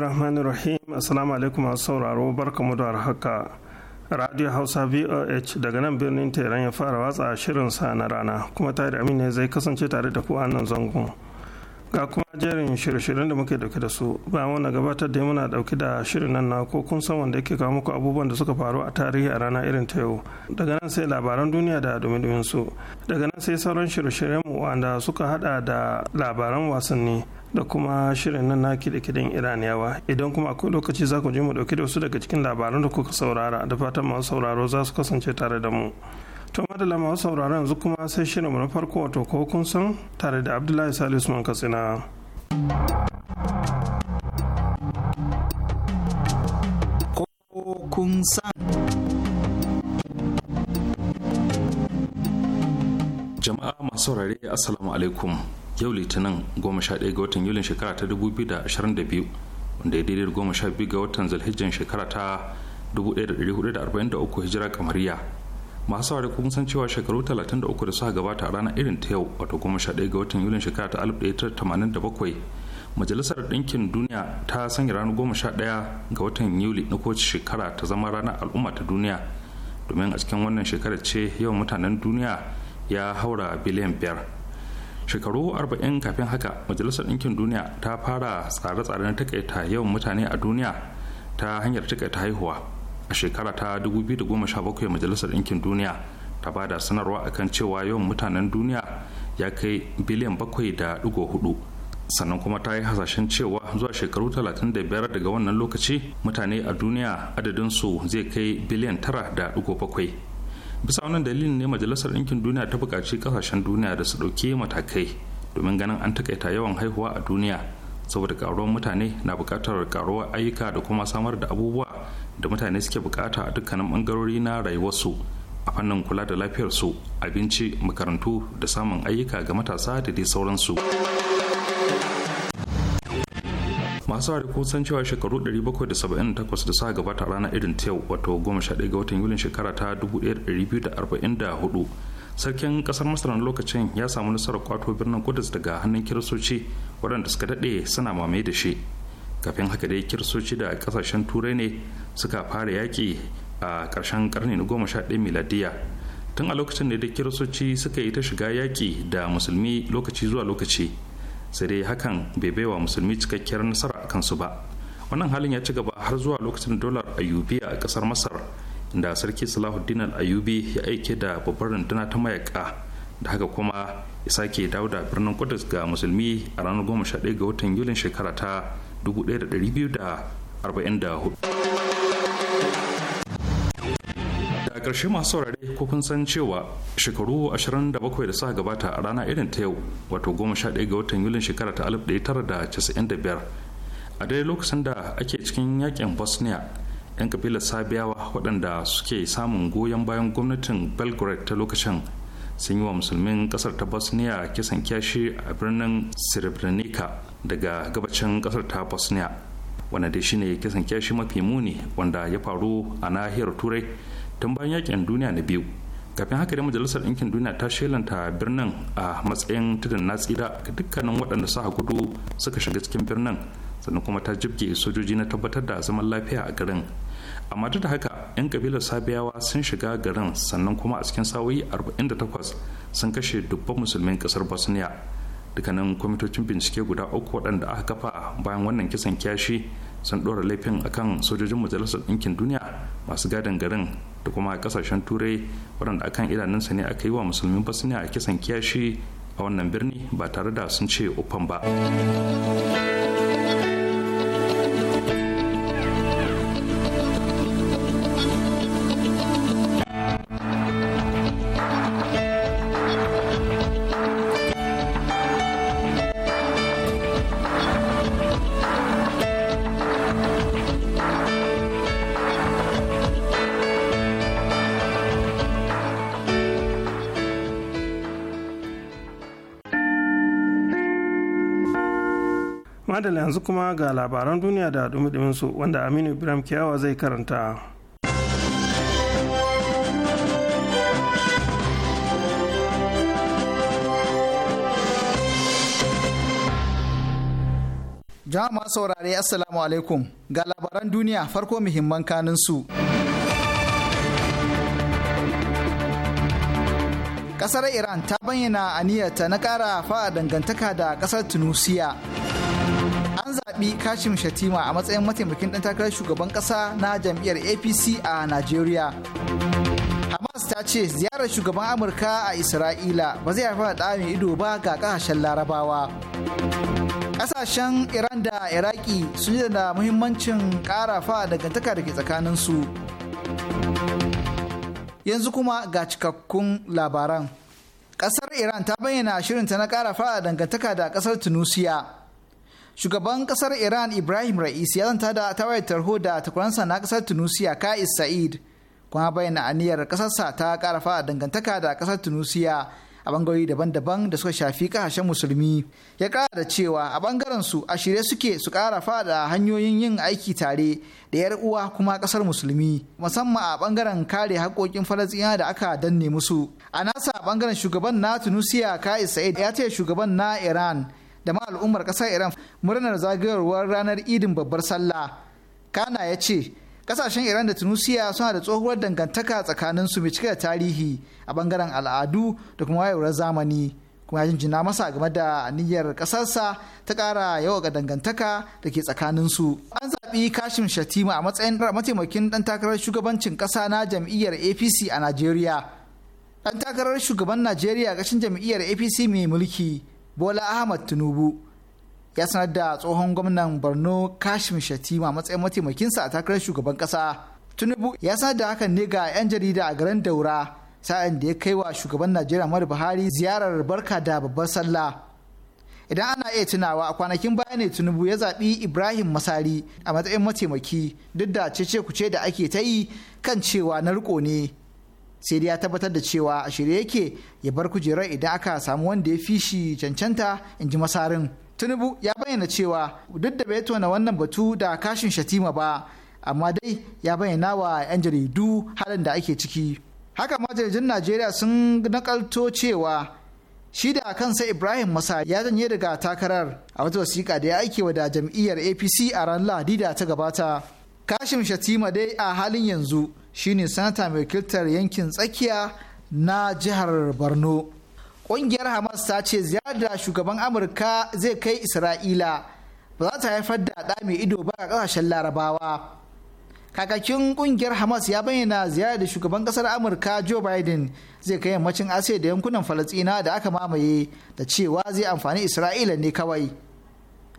rahmanir rahim assalamu alaikum masu sauraro barkamu da haka radio hausa voh daga nan birnin teran ya fara watsa shirin sa na rana kuma tare da ne zai kasance tare da ku a zangon ga kuma jerin shirye-shiryen da muke dauke da su bayan wannan gabatar da muna dauke da shirin nan na ko kun san wanda yake kawo muku abubuwan da suka faru a tarihi a rana irin ta yau daga nan sai labaran duniya da dumi su daga nan sai sauran shirye-shiryen mu wanda suka hada da labaran wasanni da kuma shirin nan na kidikidin kiden iraniyawa idan kuma akwai lokaci za ku je mu dauke da wasu daga cikin labaran da kuka saurara da fatan masu sauraro za su kasance tare da mu To madalla masu sauraron yanzu kuma sai shirinmu na farko wato ko kun san tare da Abdullahi Salisu man Katsina. Ko kun san. Jama'a masu saurare Assalamu alaikum. Yau Litinin 11 ga watan Yulin shekara ta 2022 wanda ya daidai goma biyu ga watan zalhijjan shekara ta 1443 Hijira kamariya. masu saurari kun san cewa shekaru 33 da suka gabata a ranar irin ta yau wato goma 11 ga watan yulin shekara ta 1987 majalisar ɗinkin duniya ta sanya ranar goma ɗaya ga watan yuli na kowace shekara ta zama ranar al'umma ta duniya domin a cikin wannan shekarar ce yawan mutanen duniya ya haura biliyan biyar shekaru arba'in kafin haka majalisar ɗinkin duniya ta fara tsare-tsare na takaita yawan mutane a duniya ta hanyar takaita haihuwa a shekara ta 2017 majalisar ɗinkin duniya ta ba da sanarwa kan cewa yawan mutanen duniya ya kai biliyan bakwai da hudu sannan kuma ta yi hasashen cewa zuwa shekaru 35 daga wannan lokaci mutane a duniya adadinsu zai kai biliyan tara da bakwai. bisa wannan dalilin ne majalisar ɗinkin duniya ta buƙaci ƙasashen duniya da su ɗauki matakai domin ganin an taƙaita yawan haihuwa a duniya saboda karuwar mutane na buƙatar karuwar ayyuka da kuma samar da abubuwa da mutane suke bukata a dukkanin bangarori na rayuwarsu a fannin kula da lafiyarsu abinci makarantu da samun ayyuka ga matasa da dai sauransu masu hari ko san cewa shekaru 778 da suka gabata rana irin ta yau wato 11 ga watan yulin shekara ta 1244 sarkin kasar masar lokacin ya samu nasarar kwato birnin kudus daga hannun kiristoci waɗanda suka daɗe suna mamaye da shi kafin haka dai kirsoci da kasashen turai ne suka fara yaƙi a ƙarshen ƙarni na goma sha ɗaya miladiya tun a lokacin da kirsoci suka yi ta shiga yaƙi da musulmi lokaci zuwa lokaci sai dai hakan bai baiwa musulmi cikakkiyar nasara a kansu ba wannan halin ya ci gaba har zuwa lokacin dolar ayubi a ƙasar masar inda sarki salahuddin al-ayubi ya aike da babbar runduna ta mayaka da haka kuma ya sake dawo da birnin kudus ga musulmi a ranar goma ɗaya ga watan yulin shekara ta 1244 ƙarshe masu saurare ko kun san cewa shekaru 27 da suka gabata a rana irin ta yau wato 11 ga watan yulin shekara ta 1995 a dai lokacin da ake cikin yakin bosnia 'yan kabilar sabiyawa waɗanda suke samun goyon bayan gwamnatin belgrade ta lokacin sun yi wa musulmin ƙasar ta bosnia kisan kyashi a birnin srebrenica daga gabacin kasar ta bosnia wanda dai shine kisan kyashi mafi muni wanda ya faru a nahiyar turai tun bayan yakin duniya na biyu kafin haka da majalisar ɗinkin duniya ta shelanta birnin a matsayin tudun na tsira ga dukkanin waɗanda sa gudu suka shiga cikin birnin sannan kuma ta jibge sojoji na tabbatar da zaman lafiya a garin amma duk da haka 'yan kabilar sabiyawa sun shiga garin sannan kuma a cikin sawoyi 48 sun kashe dubban musulmin ƙasar bosnia dukkanin kwamitocin bincike guda uku waɗanda aka kafa bayan wannan kisan kyashi sun ɗora laifin akan sojojin majalisar ɗinkin duniya masu gadin garin da kuma ƙasashen turai waɗanda akan idanunsa ne aka yi wa musulmin basniya a kisan kyashi a wannan birni ba tare da sun ce uffan ba madalla yanzu kuma ga labaran duniya da dumi su wanda aminu ibrahim kiyawa zai karanta jama'a saurare assalamu alaikum ga labaran duniya farko muhimman kanin su kasar iran ta bayyana aniyarta na kara fa'a dangantaka da kasar tunisia an zaɓi kashim shatima a matsayin mataimakin ɗan takarar shugaban ƙasa na jam'iyyar apc a najeriya hamas ta ce ziyarar shugaban amurka a isra'ila ba zai haifar da mai ido ba ga ƙasashen larabawa ƙasashen iran da iraki sun yi da muhimmancin ƙarafa dangantaka da ke tsakaninsu yanzu kuma ga cikakkun labaran ƙasar iran ta bayyana shirinta na ƙarafa dangantaka da ƙasar tunisia shugaban kasar iran ibrahim ra'is ya zanta da tawayar tarho da takwaransa na kasar tunisia ka'is sa'id kuma bayyana aniyar kasarsa ta karafa dangantaka da kasar tunisia a bangarori daban-daban da suka shafi kasashen musulmi ya kara da cewa a bangaren su a shirye suke su kara fada hanyoyin yin aiki tare da yar uwa kuma kasar musulmi musamman a bangaren kare haƙoƙin falasɗina da aka danne musu a nasa bangaren shugaban na tunisia ka'is sa'id ya ce shugaban na iran da ma al'ummar ƙasar iran murnar zagayowar ranar idin babbar sallah kana ya ce ƙasashen iran da tunisia suna da tsohuwar dangantaka tsakanin su mai cike da tarihi a bangaren al'adu da kuma wayewar zamani kuma ya jinjina masa game da niyyar kasarsa ta kara yawa ga dangantaka da ke tsakanin su an zaɓi kashim shatima a matsayin mataimakin ɗan takarar shugabancin ƙasa na jam'iyyar apc a najeriya ɗan takarar shugaban najeriya ƙashin jam'iyyar apc mai mulki bola ahmad tinubu ya sanar da tsohon gwamnan borno kashim shatima matsayin mataimakinsa a takarar shugaban kasa tinubu ya sanar da hakan ne ga 'yan jarida a garin daura sa'in da ya kai wa shugaban najeriya mara buhari ziyarar barka da babbar sallah idan ana iya tunawa a kwanakin baya ne tinubu ya zaɓi ibrahim masari a matsayin mataimaki duk da cece kuce da ake ta yi kan cewa na riko ne sai dai ya tabbatar da cewa a shirye yake ya bar kujerar idan aka samu wanda ya fi shi cancanta in ji masarin tinubu ya bayyana cewa duk da bai tona wannan batu da kashin shatima ba amma dai ya bayyana wa 'yan jaridu halin da ake ciki haka ma jaridun najeriya sun nakalto cewa shi da kansa ibrahim masa ya janye daga takarar a wata wasiƙa da ya aikewa da jam'iyyar apc a ranar lahadi da ta gabata kashim shatima dai a halin yanzu shine sanata mai kiltar yankin tsakiya na jihar borno ƙungiyar hamas ta ce ziyarar da shugaban amurka zai kai isra'ila ba za ta haifar da ɗa mai ido ba a ƙasashen larabawa kakakin ƙungiyar hamas ya bayyana ziyarar da shugaban ƙasar amurka joe biden zai kai yammacin asiya da yankunan falastina da aka mamaye da cewa zai amfani isra'ila ne kawai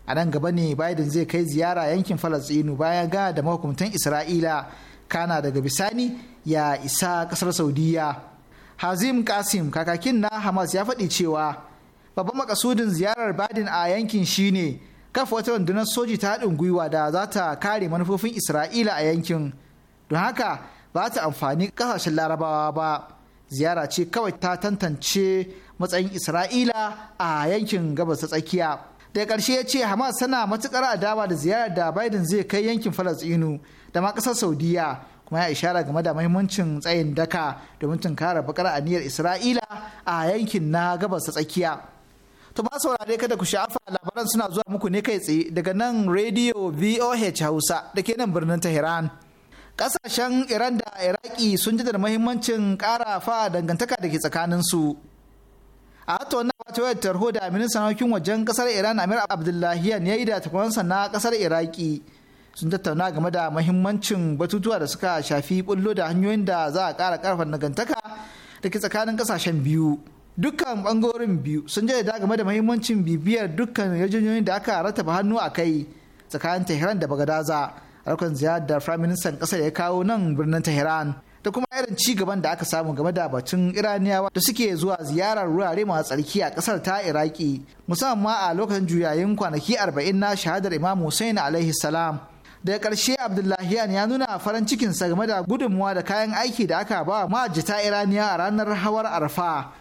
a nan gaba ne biden zai kai ziyara yankin falastinu bayan ga da mahukuntan isra'ila kana daga bisani ya isa kasar saudiya hazim kasim kakakin na hamas ya faɗi cewa babban makasudin ziyarar biden a yankin shine kafa wata rundunar soji ta haɗin gwiwa da za ta kare manufofin isra'ila a yankin don haka ba ta amfani ƙasashen larabawa ba ziyara ce kawai ta tantance matsayin isra'ila a yankin gabas ta tsakiya da karshe ya ce hamas tana matukar adawa da ziyarar da biden zai kai yankin falastinu da ma ƙasar saudiya kuma ya ishara game da mahimmancin tsayin daka domin tunkara bakar aniyar isra'ila a yankin na gabas ta tsakiya to ba saurare kada ku sha'afa labaran suna zuwa muku ne kai tsaye daga nan radio voh hausa da ke nan birnin tehran kasashen iran da iraki sun ji da mahimmancin kara fa dangantaka da ke tsakanin su. a tattaunawa wata wayar tarho da ministan harkokin wajen kasar iran amir abdullahiyan ya yi da takwansa na kasar iraki sun tattauna game da mahimmancin batutuwa da suka shafi bullo da hanyoyin da za a ƙara ƙarfa nagantaka da ke tsakanin kasashen biyu dukkan bangarorin biyu sun da game da mahimmancin bibiyar dukkan yarjejeniyoyin da aka rataba hannu a kai tsakanin tehran da bagadaza harkar ziyarar da firayim ministan ƙasar ya kawo nan birnin tehran da kuma irin ci gaban da aka samu game da batun iraniyawa da suke zuwa ziyarar wurare masu tsarki a kasar ta iraki musamman ma a lokacin juyayin kwanaki arba'in na shahadar imam hussein alaihi salam daga karshe Abdullahi ya nuna farin cikinsa game da gudunmuwa da kayan aiki da aka ba ma'ajita iraniya a ranar hawar arfa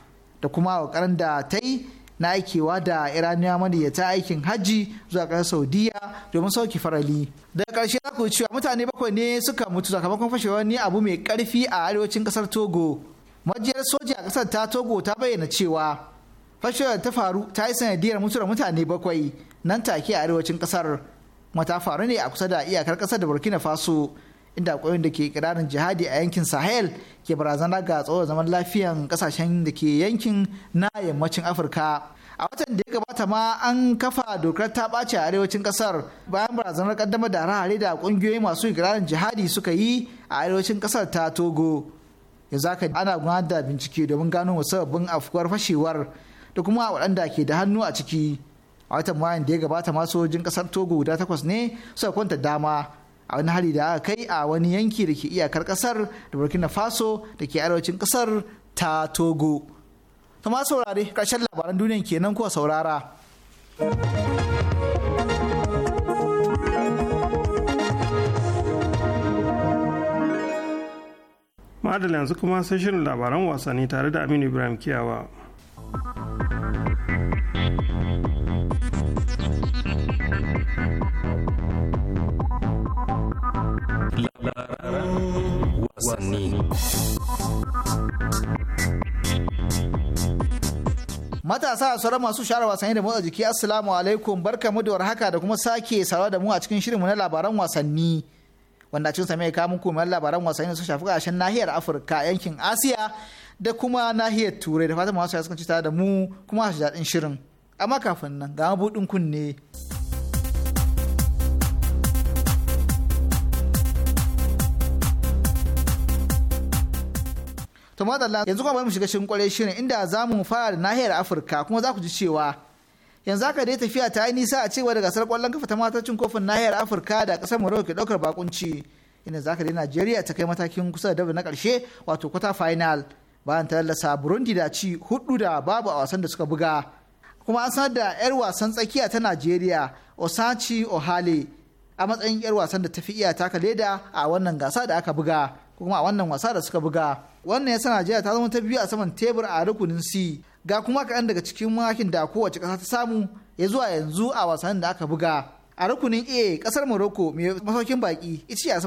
da kuma ƙoƙarin da ta yi na aikewa da iraniya maniyyata aikin hajji zuwa ƙasar saudiya domin sauki farali daga ƙarshe za ku cewa mutane bakwai ne suka mutu sakamakon fashewar ni abu mai ƙarfi a arewacin ƙasar togo majiyar soja a ƙasar ta togo ta bayyana cewa fashewar ta faru ta yi sanadiyar mutuwar mutane bakwai nan take a arewacin ƙasar kuma faru ne a kusa da iyakar ƙasar da burkina faso inda akwai da ke kirarin jihadi a yankin sahel ke barazana ga tsawon zaman lafiyan kasashen da ke yankin na yammacin afirka a watan da ya gabata ma an kafa dokar ta ɓace a arewacin ƙasar bayan barazanar ƙaddamar da harare da kungiyoyi masu ikirarin jihadi suka yi a arewacin kasar ta togo yanzu haka ana gudanar da bincike domin gano sababbin afkuwar fashewar da kuma waɗanda ke da hannu a ciki a watan mayan da ya gabata ma sojojin kasar togo guda takwas ne suka kwanta dama a wani hali da aka kai a wani yanki da ke iyakar kasar da burkina faso da ke arewacin kasar ta togo kuma saurare karshen labaran duniyan kenan kuwa saurara madalla yanzu kuma sai shirin labaran wasanni tare da aminu ibrahim kiyawa wasanni. Matasa a sauran masu shara wasanni da motsa jiki Assalamu alaikum barkamu da warhaka da kuma sake saurara da mu a cikin shirinmu na labaran wasanni. Wanda cikin same ka muku mai labaran wasanni su shafi kasashen nahiyar Afirka yankin Asiya da kuma nahiyar Turai da fatan masu sukan ci tare da mu kuma su daɗin shirin. Amma kafin nan ga mabuɗin kunne. to madalla yanzu kuma bari mu shiga cikin kwarai shirin inda za mu fara da nahiyar afirka kuma za ku ji cewa yanzu aka dai tafiya ta yi nisa a cewa da gasar kwallon kafa ta matar kofin nahiyar afirka da kasar morocco ke daukar bakunci inda za ka dai najeriya ta kai matakin kusa da na karshe wato kwata final bayan ta lallasa burundi da ci hudu da babu a wasan da suka buga kuma an sanar da yar wasan tsakiya ta najeriya osachi ohale a matsayin yar wasan da ta fi iya taka leda a wannan gasa da aka buga ko kuma a wannan wasa da suka buga wannan ya sana jiya ta zama ta biyu a saman tebur a rukunin c ga kuma kaɗan daga cikin makin da kowace ƙasa ta samu ya zuwa yanzu a wasannin da aka buga a rukunin a ƙasar morocco mai masaukin baki ita ce a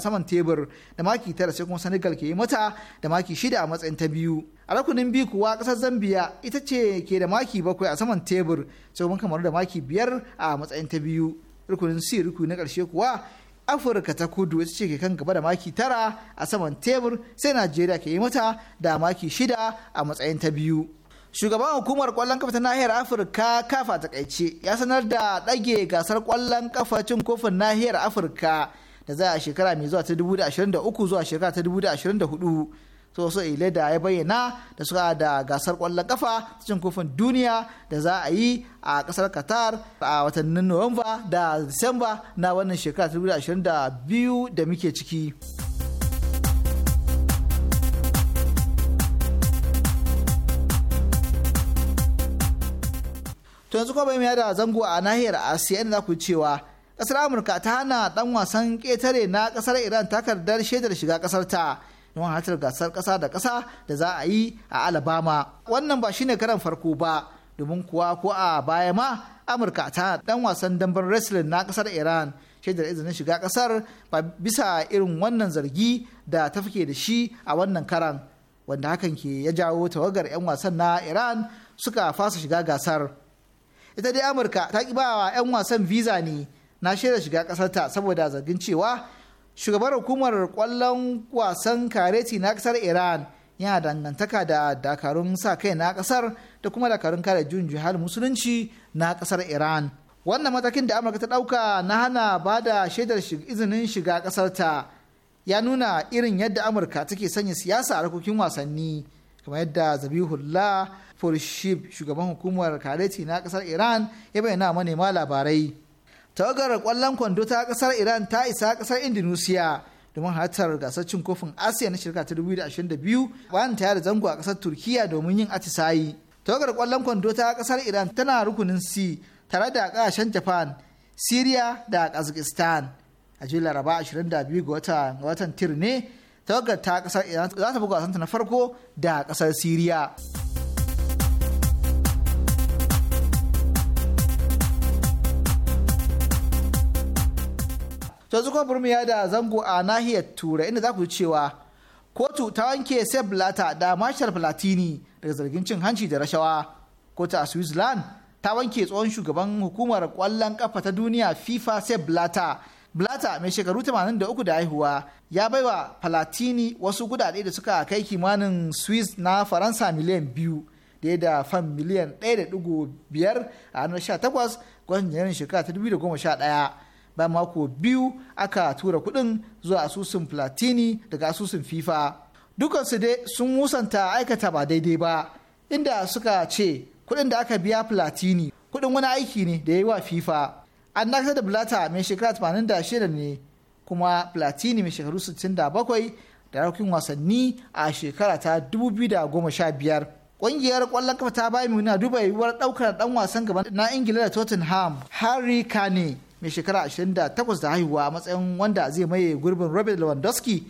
saman tebur da maki tara sai kuma senegal ke yi mata da maki shida a matsayin ta biyu a rukunin b kuwa ƙasar zambia ita ce ke da maki bakwai a saman tebur sai kuma kamar da maki biyar a matsayin ta biyu rukunin c rukuni na ƙarshe kuwa afirka ta kudu ita ce ke kan gaba da maki tara a saman tebur sai najeriya ke yi mata da maki shida a matsayin ta biyu shugaban hukumar kwallon kafa ta nahiyar afirka kafa takaice ya sanar da ɗage gasar kwallon kafa cin kofin nahiyar afirka da za a shekara mai zuwa ta 2023 zuwa shekara ta 2024 so so da ya bayyana da suka da gasar kwallon kafa cikin kofin duniya da za a yi a kasar qatar a watannin nuwamba da disamba na wannan shekara 2022 da muke ciki to yanzu kuma mai da zango a nahiyar asiya inda za ku cewa kasar amurka ta hana dan wasan ƙetare na kasar iran takardar shaidar shiga kasar ta don hatar gasar kasa da kasa da za a yi a alabama wannan ba shine karan farko ba domin kuwa ko a baya ma amurka ta dan wasan damben wrestling na ƙasar iran shaidar izinin shiga kasar ba bisa irin wannan zargi da ta fike da shi a wannan karan wanda hakan ke ya jawo tawagar 'yan wasan na iran suka fasa shiga gasar ita dai amurka ta ƙi ba wa 'yan wasan visa ne na shaidar shiga ƙasarta saboda zargin cewa shugaban hukumar kwallon wasan kareti na kasar iran yana dangantaka da dakarun sa kai na kasar da kuma dakarun kare jun-jun jihar musulunci na kasar iran wannan matakin da amurka ta dauka na hana ba da shaidar izinin shiga kasar ta ya nuna irin yadda amurka take sanya siyasa a harkokin wasanni kamar yadda zabihullah furshib shugaban hukumar kareti na kasar iran ya bayyana manema labarai tawagar kwallon kwando ta kasar iran ta isa kasar indonesia domin halartar gasar cin kofin asiya na shirka ta 2022 bayan ta da zango a kasar turkiya domin yin atisayi tawagar kwallon kwando ta kasar iran tana rukunin c tare da kasashen japan syria da kazakhstan a jiya laraba 22 ga watan tir ne tawagar ta kasar iran za ta buga wasanta na farko da kasar syria. to zuko burmi ya da zango a nahiyar turai inda za ku cewa kotu ta wanke sef blata da marshal platini daga zargin cin hanci da rashawa kotu a switzerland ta wanke tsohon shugaban hukumar kwallon kafa ta duniya fifa sef blata blata mai shekaru 83 da haihuwa ya bai wa platini wasu gudade da suka kai kimanin swiss na faransa miliyan biyu da da fan miliyan 1.5 a ranar 18 gwajin janairun shekara ta 2011 ba mako biyu aka tura kuɗin zuwa asusun platini daga asusun fifa dukansu dai sun musanta aikata ba daidai ba inda suka ce kuɗin da aka biya platini kuɗin wani aiki ne da ya yi wa fifa an dakatar da blata mai shekara 86 ne kuma platini mai shekaru 67 da harkokin wasanni a shekara ta 2015 ƙungiyar ƙwallon kafa ta bayan muna duba yiwuwar ɗaukar ɗan wasan gaba na ingila da tottenham harry kane mai shekara 28 da haihuwa a matsayin wanda zai maye gurbin Robert Lewandowski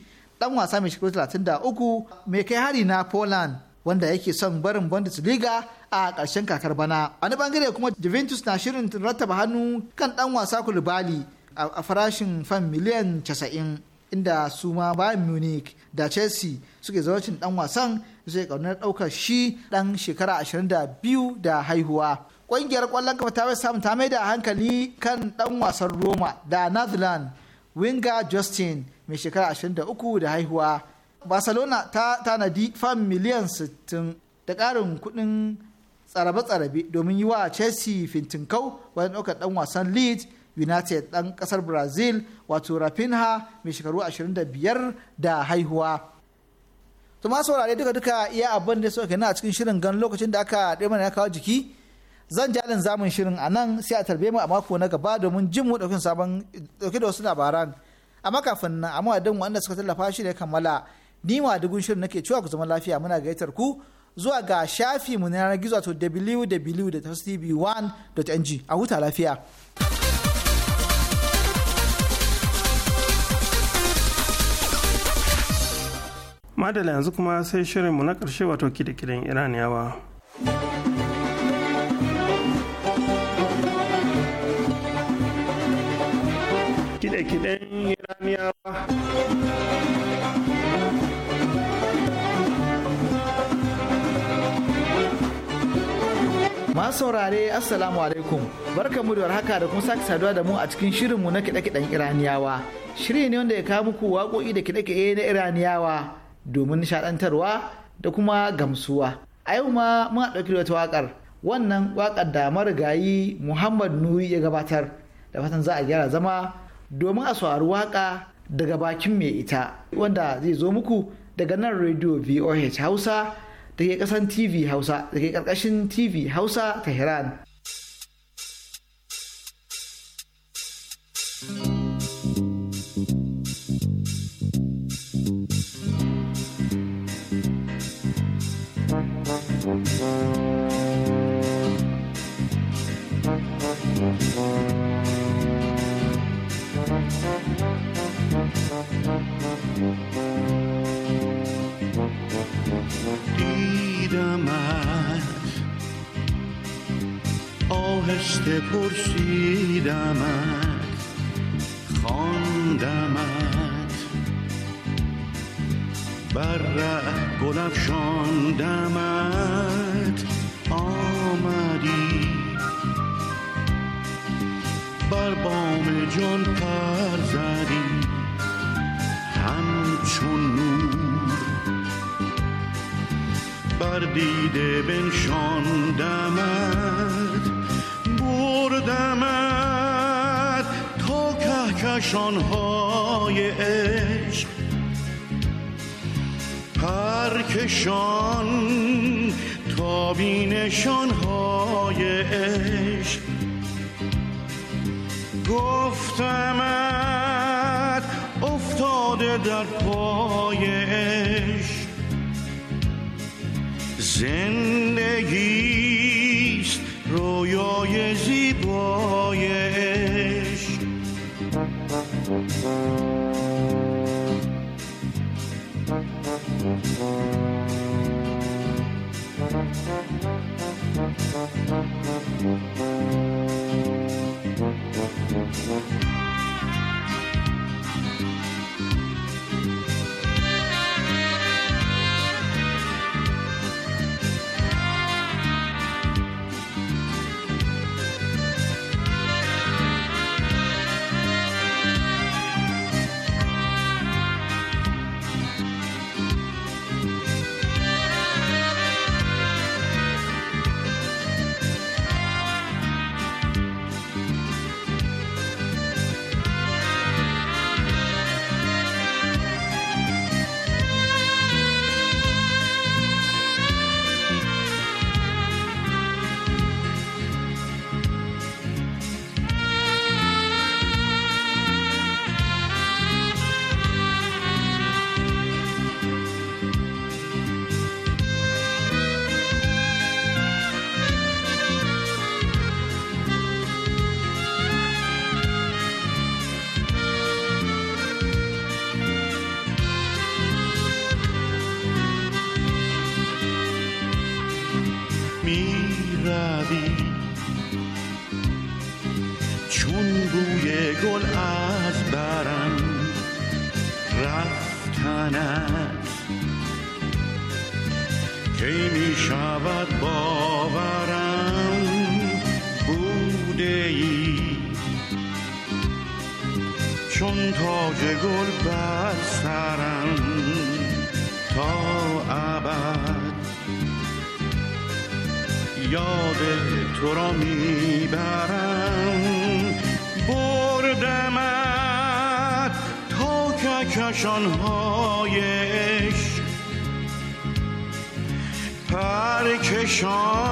dan wasa mai shekaru 33 mai kai hari na Poland wanda yake son barin Bundesliga a ƙarshen kakar bana. A wani bangare kuma Juventus na shirin rattaba hannu kan dan wasa kulubali a farashin fan miliyan 90 inda su ma Bayern Munich da Chelsea suke zaucin dan wasan zai kaunar ɗaukar shi dan shekara 22 da haihuwa. ƙungiyar ƙwallon kafa ta west samu ta mai da hankali kan ɗan wasan roma da netherland winga justin mai shekara 23 da haihuwa barcelona ta tanadi fam miliyan 60 da ƙarin kuɗin tsarabe-tsarabe domin yi wa chelsea fintinkau wajen ɗaukar ɗan wasan leeds united ɗan ƙasar brazil wato rafinha mai shekaru 25 da haihuwa to saurare duka-duka iya abin da suka na a cikin shirin gan lokacin da aka ɗaya mana ya kawo jiki zan jalin zamun shirin a nan sai a tarbe mu a mako na gaba domin jin mu ɗaukin sabon ɗauki da wasu labaran amma kafin nan amma mawadin wanda suka tallafa shi da ya kammala ni ma dugun shirin nake cewa ku zama lafiya muna gayyatar ku zuwa ga shafi mu na yanar gizo to www.tv1.ng a huta lafiya. Madala yanzu kuma sai mu na karshe wato kide Thank Iraniyawa. kiɗe-kiɗen iraniyawa masu saurare assalamu alaikum barkamu da haka da kuma sake saduwa da mu a cikin shirinmu na kiɗe-kiɗen iraniyawa shiri ne wanda ya kawo muku waƙoƙi da kiɗe-kiɗe na iraniyawa domin nishaɗantarwa da kuma gamsuwa a yau ma muna ɗauki wata wakar, wannan wakar da marigayi muhammad nuri ya gabatar da fatan za a gyara zama domin a saurari waka daga bakin mai ita wanda zai zo muku daga nan radio voh hausa da ke kasan tv hausa da ke karkashin tv hausa ta tehran دیده بنشاندمت بردمت تا کهکشانهای عشق پرکشان تا بینشانهای عشق گفتمت افتاده در پای زندگیست رویای زیبای عشق chant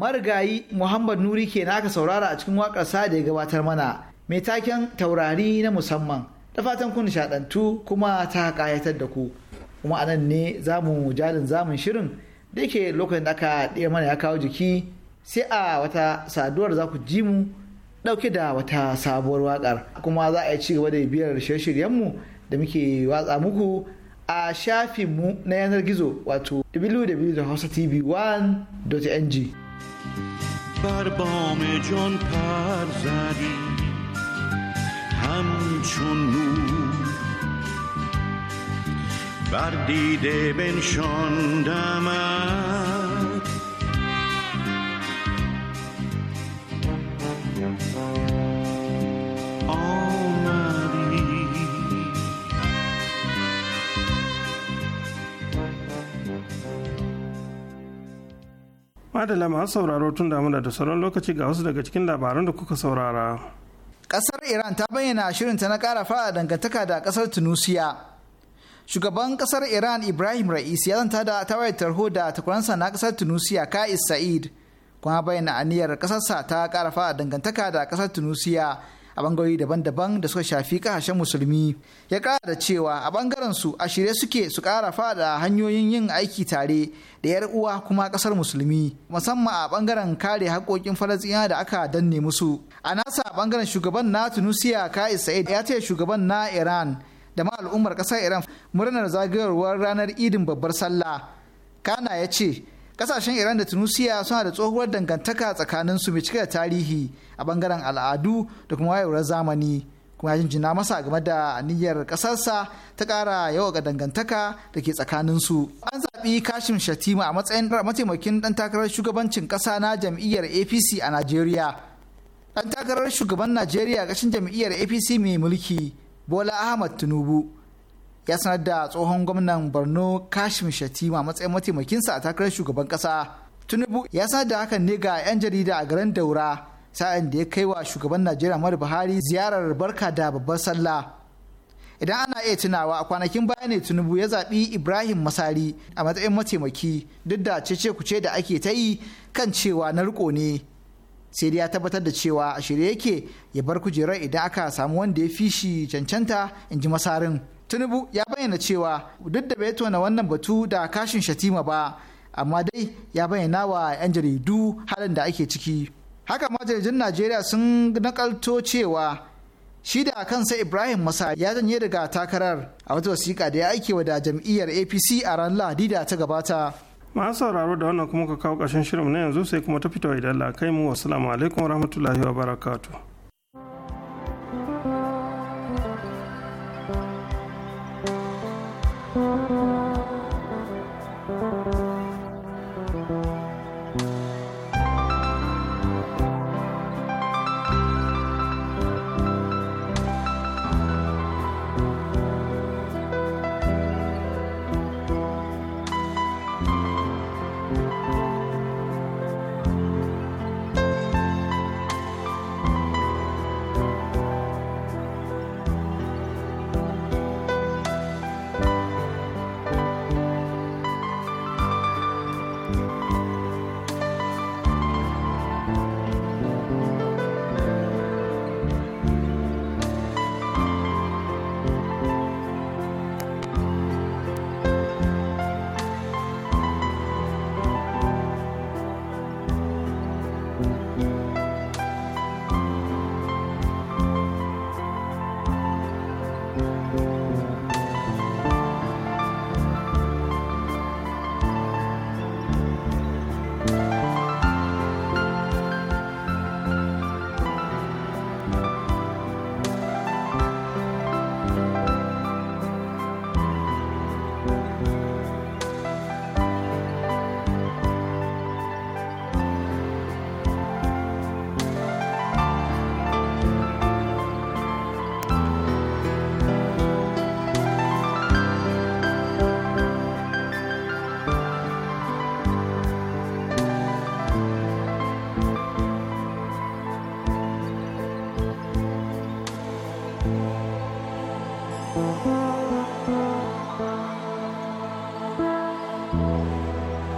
marigayi muhammad nuri ke naka saurara a cikin waƙarsa da ya gabatar mana mai taken taurari na musamman da fatan kun nishaɗantu kuma ta ƙayatar da ku kuma anan ne za mu jalin zamun shirin da yake lokacin da aka ɗaya mana ya kawo jiki sai a wata saduwar za ku ji mu ɗauke da wata sabuwar waƙar kuma za a yi ci gaba da biyar shirye-shiryenmu da muke watsa muku a shafinmu na yanar gizo wato www.hausatv1.ng بر بام جان پر زدی همچون نور بر دیده بنشاندمت madala masu sauraro tun damuna da sauran lokaci ga wasu daga cikin labaran da kuka saurara kasar iran ta bayyana shirinta na kara fara dangantaka da kasar tunisia shugaban kasar iran ibrahim ra'isi ya zanta da tawayar tarho da takwaransa na kasar tunisia ka'is sa'id kuma bayyana aniyar kasarsa ta kara fara dangantaka da kasar tunisia a bangarori daban-daban da suka shafi kasashen musulmi ya kara da cewa a bangaren su a shirye suke su kara fada hanyoyin yin aiki tare da yar uwa kuma kasar musulmi musamman a bangaren kare haƙoƙin falasɗina da aka danne musu a nasa bangaren shugaban na tunisia kai sa'id ya ce shugaban na iran da ma al'ummar ƙasar iran murnar zagayowar ranar idin babbar sallah kana ya ce kasashen iran da tunisia suna da tsohuwar dangantaka tsakanin su mai cike da tarihi a bangaren al'adu da kuma wayewar zamani kuma jinjina masa game da niyyar kasarsa ta kara yawa ga dangantaka da ke tsakanin su an zaɓi kashim shatima a matsayin mataimakin ɗan takarar shugabancin ƙasa na jam'iyyar apc a najeriya ɗan takarar shugaban najeriya ƙashin jam'iyyar apc mai mulki bola ahmad tinubu ya sanar da tsohon gwamnan borno kashim shatima matsayin mataimakinsa a takarar shugaban kasa tunubu ya sanar da hakan ne ga 'yan jarida a garin daura sa'in da ya kai wa shugaban najeriya mara buhari ziyarar barka da babbar sallah idan ana iya tunawa a kwanakin baya ne tunubu ya zaɓi ibrahim masari a matsayin mataimaki duk da cece kuce da ake ta yi kan cewa na riko ne sai dai ya tabbatar da cewa a shirye yake ya bar kujerar idan aka samu wanda ya fi shi cancanta in ji masarin tunubu ya bayyana cewa duk da bai tona wannan batu da kashin shatima ba amma dai ya bayyana wa 'yan jaridu halin da ake ciki haka ma jaridun najeriya sun nakalto cewa shi da kansa ibrahim masa ya janye daga takarar a wata wasiƙa da ya aike wa da jam'iyyar apc a ran lahadi da ta gabata masu sauraro da wannan kuma ka kawo ƙarshen shirin na yanzu sai kuma ta fito idan la kai mu wasu alaikum wa barakatu.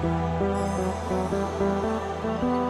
Thank you.